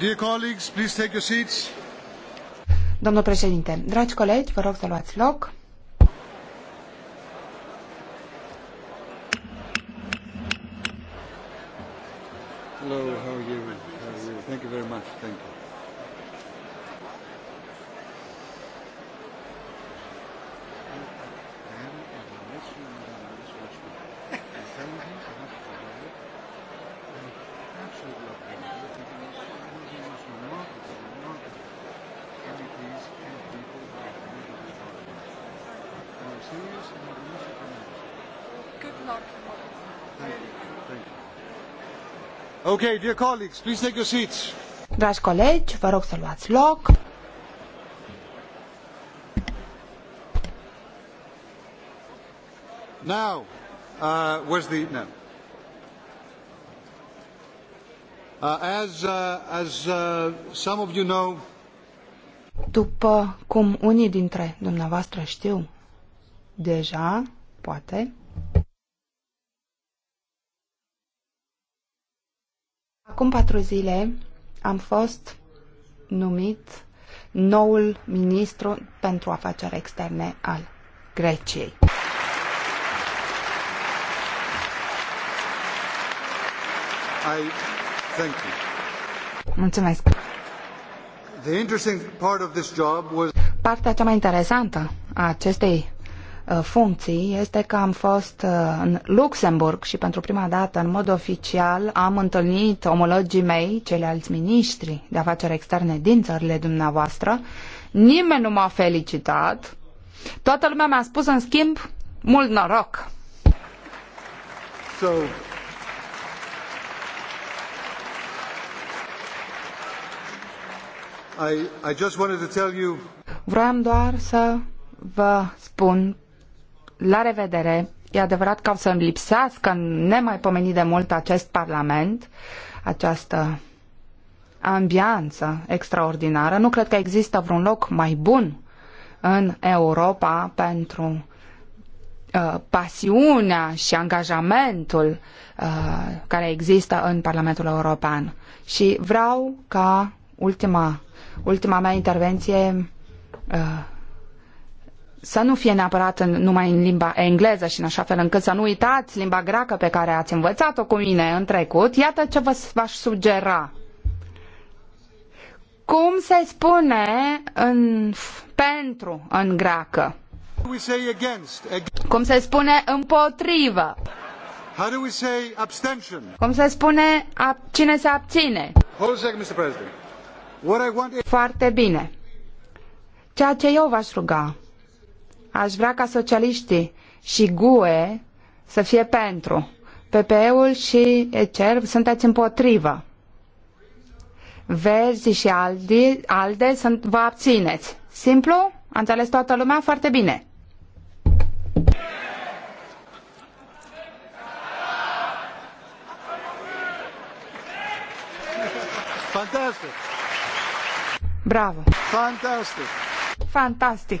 Dear Domnul președinte, dragi colegi, vă rog să luați loc. Hello, how are you? How are you? Thank you very much. Thank you. Okay, dear colleagues, please take your seats. Dragi colegi, vă rog să luați loc. Now, uh, where's the no? Uh, as uh, as uh, some of you know, după cum unii dintre dumneavoastră știu deja, poate, Acum patru zile am fost numit noul ministru pentru afaceri externe al Greciei. I thank you. Mulțumesc. The interesting part of this job was... Partea cea mai interesantă a acestei Uh, funcții este că am fost uh, în Luxemburg și pentru prima dată, în mod oficial, am întâlnit omologii mei, ceilalți miniștri de afaceri externe din țările dumneavoastră. Nimeni nu m-a felicitat. Toată lumea mi-a spus, în schimb, mult noroc. So, I, I just wanted to tell you... Vreau doar să vă spun la revedere. E adevărat că o să-mi lipsească nemaipomenit de mult acest parlament, această ambianță extraordinară. Nu cred că există vreun loc mai bun în Europa pentru uh, pasiunea și angajamentul uh, care există în Parlamentul European. Și vreau ca ultima, ultima mea intervenție uh, să nu fie neapărat în, numai în limba engleză și în așa fel încât să nu uitați limba greacă pe care ați învățat-o cu mine în trecut, iată ce vă, aș sugera. Cum se spune în, pentru în greacă? Cum se spune împotrivă? Cum se spune a, cine se abține? Foarte bine. Ceea ce eu v-aș ruga aș vrea ca socialiștii și GUE să fie pentru. PPE-ul și ECER sunteți împotrivă. Verzi și Aldi, ALDE sunt, vă abțineți. Simplu? A înțeles toată lumea foarte bine. Fantastic! Bravo! Fantastic! Fantastic!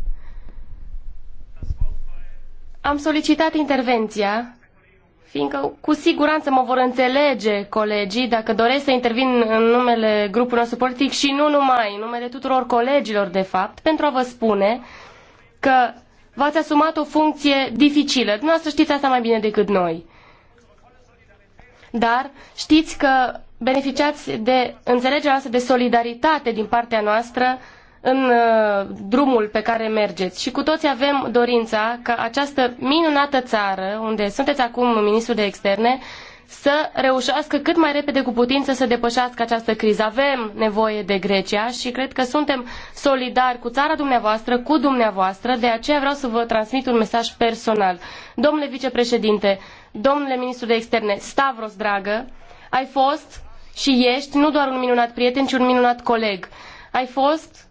am solicitat intervenția, fiindcă cu siguranță mă vor înțelege colegii dacă doresc să intervin în numele grupului nostru politic și nu numai, în numele tuturor colegilor, de fapt, pentru a vă spune că v-ați asumat o funcție dificilă. Dumneavoastră știți asta mai bine decât noi. Dar știți că beneficiați de înțelegerea noastră, de solidaritate din partea noastră în uh, drumul pe care mergeți și cu toți avem dorința ca această minunată țară, unde sunteți acum ministru de externe, să reușească cât mai repede cu putință să depășească această criză. Avem nevoie de Grecia și cred că suntem solidari cu țara dumneavoastră, cu dumneavoastră, de aceea vreau să vă transmit un mesaj personal. Domnule vicepreședinte, domnule ministru de externe, Stavros, dragă, ai fost și ești nu doar un minunat prieten, ci un minunat coleg. Ai fost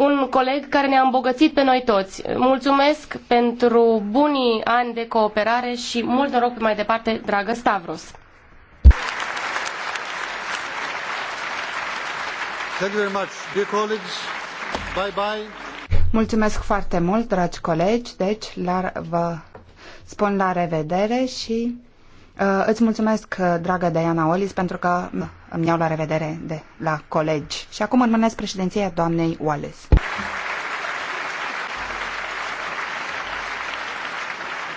un coleg care ne-a îmbogățit pe noi toți. Mulțumesc pentru bunii ani de cooperare și mult noroc pe mai departe, dragă Stavros. Mulțumesc foarte mult, dragi colegi. Deci, la, vă spun la revedere și Uh, îți mulțumesc, dragă Diana Olis, pentru că da, îmi iau la revedere de la colegi. Și acum urmăresc președinția doamnei Wallace.